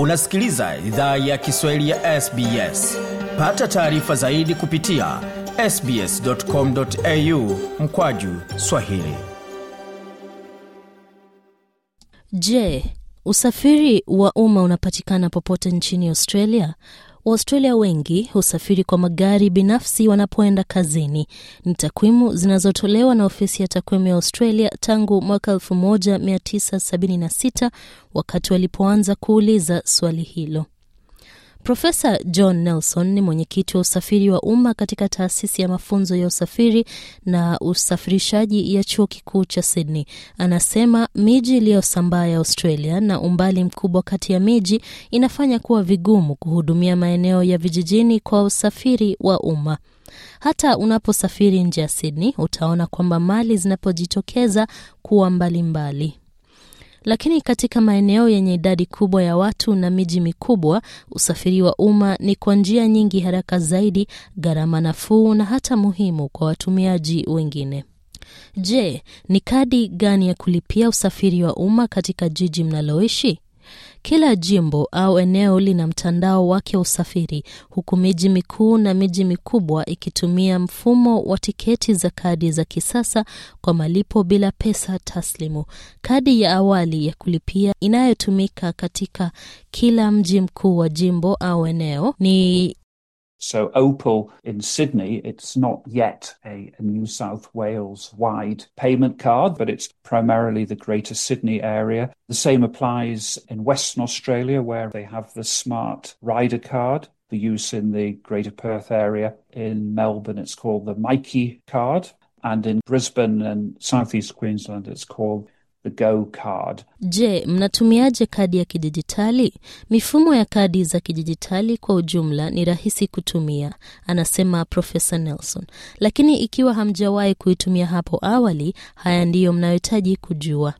unasikiliza idhaa ya kiswahili ya sbs pata taarifa zaidi kupitia sbscomau mkwaju swahili je usafiri wa umma unapatikana popote nchini australia waustralia wengi husafiri kwa magari binafsi wanapoenda kazini. Ni takwimu zinazotolewa na ofisi ya takwimu ya Australia tangu mwaka 1976 wakati walipoanza kuuliza swali hilo. Profesa John Nelson ni mwenyekiti wa usafiri wa umma katika taasisi ya mafunzo ya usafiri na usafirishaji ya chuo kikuu cha Sydney. Anasema miji iliyosambaa ya Australia na umbali mkubwa kati ya miji inafanya kuwa vigumu kuhudumia maeneo ya vijijini kwa usafiri wa umma. Hata unaposafiri nje ya Sydney utaona kwamba mali zinapojitokeza kuwa mbalimbali mbali lakini katika maeneo yenye idadi kubwa ya watu na miji mikubwa, usafiri wa umma ni kwa njia nyingi haraka zaidi, gharama nafuu na hata muhimu kwa watumiaji wengine. Je, ni kadi gani ya kulipia usafiri wa umma katika jiji mnaloishi? Kila jimbo au eneo lina mtandao wake wa usafiri, huku miji mikuu na miji mikubwa ikitumia mfumo wa tiketi za kadi za kisasa kwa malipo bila pesa taslimu. Kadi ya awali ya kulipia inayotumika katika kila mji mkuu wa jimbo au eneo ni So Opal in Sydney, it's not yet a, New South Wales wide payment card, but it's primarily the Greater Sydney area. The same applies in Western Australia, where they have the Smart Rider card. The use in the Greater Perth area. In Melbourne, it's called the Mikey card. And in Brisbane and Southeast Queensland, it's called The Go card. Je, mnatumiaje kadi ya kidijitali? Mifumo ya kadi za kidijitali kwa ujumla ni rahisi kutumia, anasema Profesa Nelson. Lakini ikiwa hamjawahi kuitumia hapo awali, haya ndiyo mnayohitaji kujua.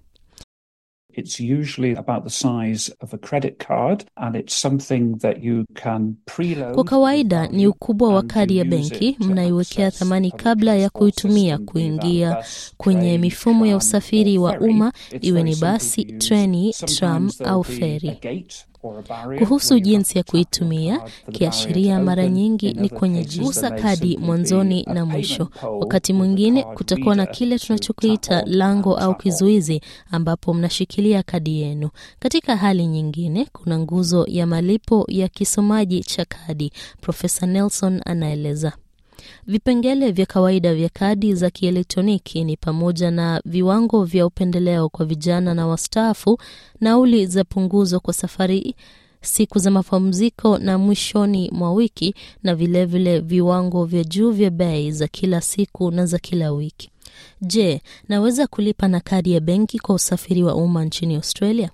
It's usually about the size of a credit card and it's something that you can preload. Kwa kawaida ni ukubwa wa kadi ya benki mnaiwekea thamani kabla ya kuitumia kuingia kwenye mifumo ya usafiri wa umma iwe ni basi, treni, tram au feri. Kuhusu jinsi ya kuitumia, kiashiria mara nyingi ni kwenye gusa kadi mwanzoni na mwisho. Wakati mwingine kutakuwa na kile tunachokiita lango au kizuizi, ambapo mnashikilia kadi yenu. Katika hali nyingine, kuna nguzo ya malipo ya kisomaji cha kadi. Profesa Nelson anaeleza. Vipengele vya kawaida vya kadi za kielektroniki ni pamoja na viwango vya upendeleo kwa vijana na wastaafu, nauli za punguzo kwa safari siku za mapumziko na mwishoni mwa wiki na vilevile vile viwango vya juu vya bei za kila siku na za kila wiki. Je, naweza kulipa na kadi ya benki kwa usafiri wa umma nchini Australia?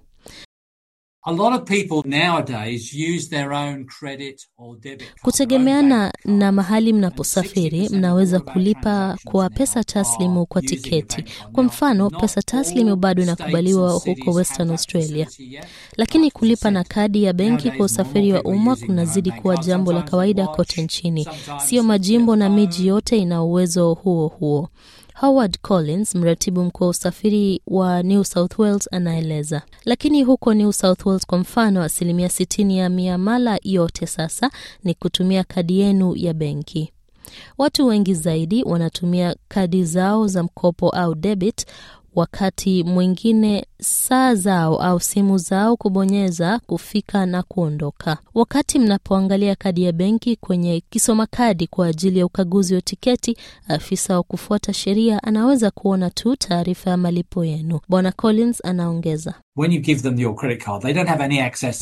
Kutegemeana na mahali mnaposafiri, mnaweza kulipa kwa pesa taslimu kwa tiketi. Kwa mfano, pesa taslimu bado inakubaliwa huko Western Australia, lakini kulipa na kadi ya benki kwa usafiri wa umma kunazidi kuwa jambo la kawaida kote nchini. Sio majimbo na miji yote ina uwezo huo huo. Howard Collins, mratibu mkuu wa usafiri wa New South Wales, anaeleza. Lakini huko New South Wales kwa mfano, asilimia 60 ya miamala yote sasa ni kutumia kadi yenu ya benki. Watu wengi zaidi wanatumia kadi zao za mkopo au debit wakati mwingine saa zao au simu zao kubonyeza kufika na kuondoka. Wakati mnapoangalia kadi ya benki kwenye kisoma kadi kwa ajili ya ukaguzi wa tiketi, afisa wa kufuata sheria anaweza kuona tu taarifa ya malipo yenu. Bwana Collins anaongeza.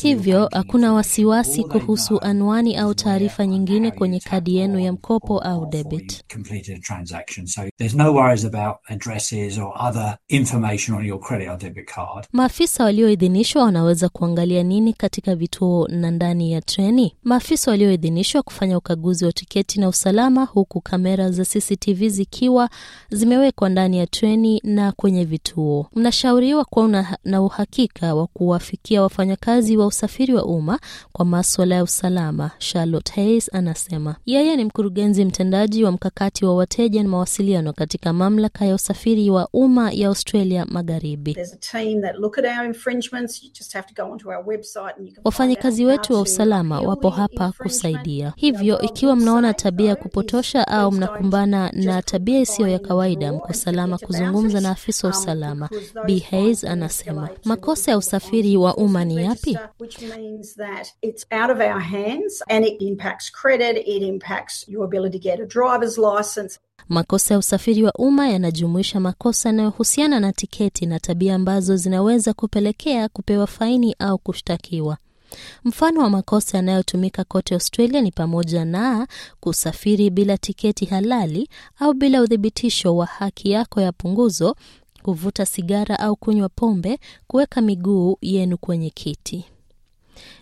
Hivyo hakuna wasiwasi kuhusu anwani au taarifa nyingine kwenye kadi yenu ya mkopo au debit. Maafisa walioidhinishwa wanaweza kuangalia nini katika vituo na ndani ya treni? Maafisa walioidhinishwa kufanya ukaguzi wa tiketi na usalama, huku kamera za CCTV zikiwa zimewekwa ndani ya treni na kwenye vituo. Mnashauriwa kuwa na uhakika wa kuwafikia wafanyakazi wa usafiri wa umma kwa maswala ya usalama. Charlotte hays anasema yeye ni mkurugenzi mtendaji wa mkakati wa wateja na mawasiliano katika mamlaka ya usafiri wa umma ya Australia Magharibi. Wafanyakazi wetu wa usalama wapo hapa kusaidia, hivyo ikiwa mnaona tabia ya kupotosha au mnakumbana na tabia isiyo ya kawaida, mko salama kuzungumza na afisa wa um, usalama. B Hayes anasema Makosa ya usafiri wa umma ni yapi? Makosa ya usafiri wa umma yanajumuisha makosa yanayohusiana na tiketi na tabia ambazo zinaweza kupelekea kupewa faini au kushtakiwa. Mfano wa makosa yanayotumika kote Australia ni pamoja na kusafiri bila tiketi halali au bila uthibitisho wa haki yako ya punguzo, kuvuta sigara au kunywa pombe, kuweka miguu yenu kwenye kiti.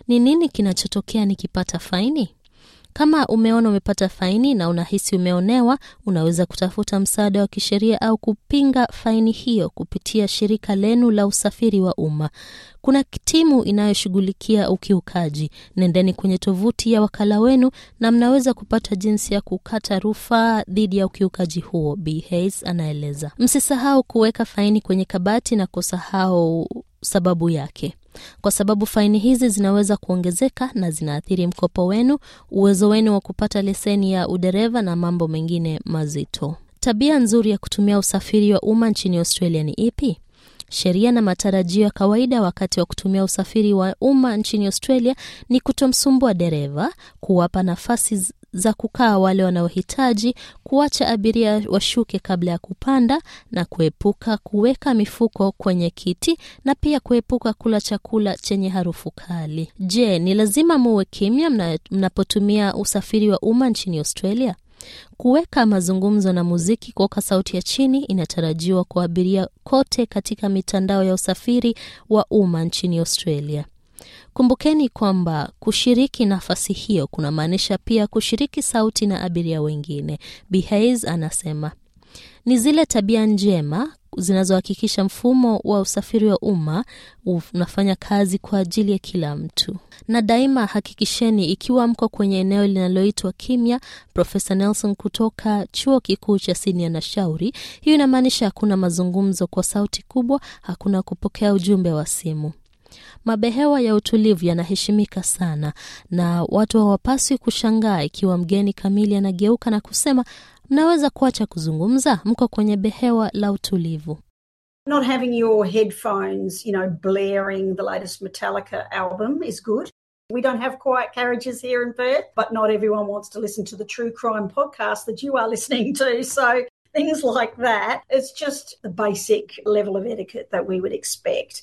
Ni nini kinachotokea nikipata faini? Kama umeona umepata faini na unahisi umeonewa, unaweza kutafuta msaada wa kisheria au kupinga faini hiyo kupitia shirika lenu la usafiri wa umma. Kuna timu inayoshughulikia ukiukaji. Nendeni kwenye tovuti ya wakala wenu na mnaweza kupata jinsi ya kukata rufaa dhidi ya ukiukaji huo, B Hayes anaeleza. Msisahau kuweka faini kwenye kabati na kusahau sababu yake kwa sababu faini hizi zinaweza kuongezeka na zinaathiri mkopo wenu, uwezo wenu wa kupata leseni ya udereva na mambo mengine mazito. Tabia nzuri ya kutumia usafiri wa umma nchini Australia ni ipi? Sheria na matarajio ya kawaida wakati wa kutumia usafiri wa umma nchini Australia ni kutomsumbua dereva, kuwapa nafasi za kukaa wale wanaohitaji, kuacha abiria washuke kabla ya kupanda, na kuepuka kuweka mifuko kwenye kiti na pia kuepuka kula chakula chenye harufu kali. Je, ni lazima muwe kimya mna, mnapotumia usafiri wa umma nchini Australia? Kuweka mazungumzo na muziki kuoka sauti ya chini inatarajiwa kwa abiria kote katika mitandao ya usafiri wa umma nchini Australia. Kumbukeni kwamba kushiriki nafasi hiyo kunamaanisha pia kushiriki sauti na abiria wengine. Bi Hayes anasema ni zile tabia njema zinazohakikisha mfumo wa usafiri wa umma unafanya kazi kwa ajili ya kila mtu. Na daima hakikisheni ikiwa mko kwenye eneo linaloitwa kimya. Profesa Nelson kutoka Chuo Kikuu cha Sydney anashauri, hiyo inamaanisha hakuna mazungumzo kwa sauti kubwa, hakuna kupokea ujumbe wa simu. Mabehewa ya utulivu yanaheshimika sana na watu hawapaswi kushangaa ikiwa mgeni kamili anageuka na kusema, mnaweza kuacha kuzungumza, mko kwenye behewa la utulivu. Not having your headphones, you know, blaring the latest Metallica album is good. We don't have quiet carriages here in Perth, but not everyone wants to listen to the true crime podcast that you are listening to. So things like that. It's just the basic level of etiquette that we would expect